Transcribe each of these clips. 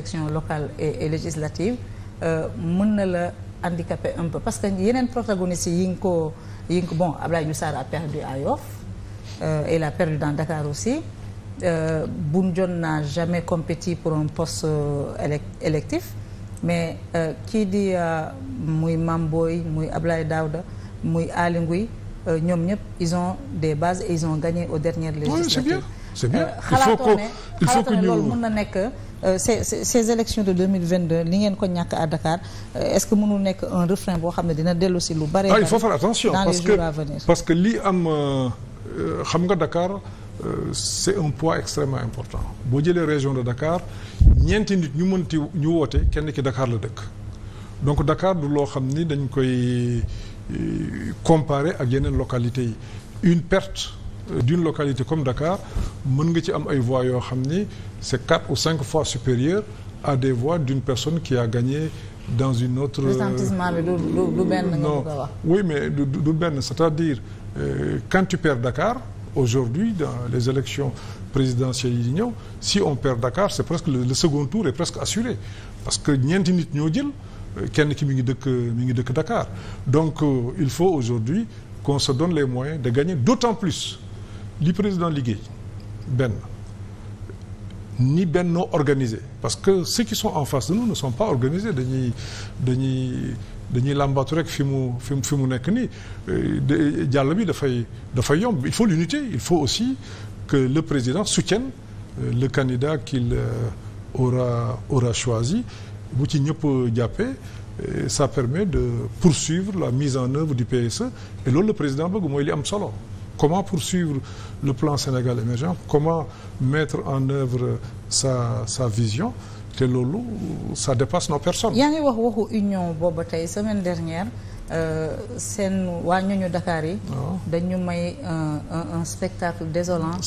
élection locale et, et législative euh, mën na la handicapé un peu parce que yeneen protagonistes yi nga ko yi nga ko bon Abdoulaye Diouf Sarr a perdu à Yoff et euh, il a perdu dans Dakar aussi euh, Boun Dionne n'a jamais compéti pour un poste élec électif mais kii di muy Mame Boye muy Abdoulaye Daouda muy Aly Ngouille ñoom ñëpp ils des bases et ils ont gagné aux dernières législatives. oui c'est loolu mën na nekk. Euh, ces ces élections de 2022 li ngeen ko ñàkk à Dakar euh, est-ce que mënul nekk un refrain boo xam ne dina dellu si lu bare ah, il faut faire attention dans les jours parce que lii am euh, xam nga Dakar c'est un poids extrêmement important boo jëlee région de Dakar ñeenti nit ñu mënti ñu woote kenn ki Dakar la dëkk donc Dakar du loo xam ni dañ koy comparer ak yeneen localité yi une perte d'une localité comme Dakar mën nga ci am ay voix yoo xam ni c'est quatre ou cinq fois supérieur à des voix d'une personne qui a gagné dans une autre. ressentiment bi du du du benn. non oui mais du du benn c'est-à-dire euh, quand tu perds Dakar aujourd'hui dans les élections présidentielles yi ñëw si on perd Dakar c'est presque le, le second tour est presque assuré parce que ñeenti nit ñoo jël euh, kenn ki mi ngi dëkk mi ngi dëkk Dakar donc euh, il faut aujourd'hui qu'on se donne les moyens de gagner d'autant plus. li président liggéey benn ni Benno organisé parce que ceux qui sont en face de nous ne sont pas organisés dañuy dañuy dañuy làmbaatu rek fi mu fi fi mu nekk nii euh, jàll bi dafay dafay yomb il faut l'unité il faut aussi que le président soutienne euh, le candidat qu'il euh, aura aura choisi bu ci ñëpp jàppee ça permet de poursuivre la mise en œuvre du PSE et loolu le président bëgg mooy li am solo Comment poursuivre le plan Sénégal émergent Comment mettre en œuvre sa sa vision te loolu ça dépasse nos personnes. yaa ngi wax waxu union booba tey semaine dernière euh, seen waa ñooñu Dakar yi. Ah. dañu may un un spectacle désolant.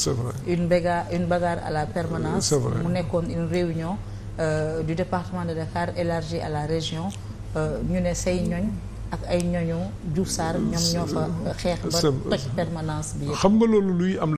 une bagarre une bagarre à la permanence. c'est mu nekkoon une réunion euh, du département de Dakar élargie à la région euh, ñu ne say ñooñ. ak ay ñoñu Diouf Sarr ñoom ñoo fa xeex ba toj permanence bi xam nga loolu luy am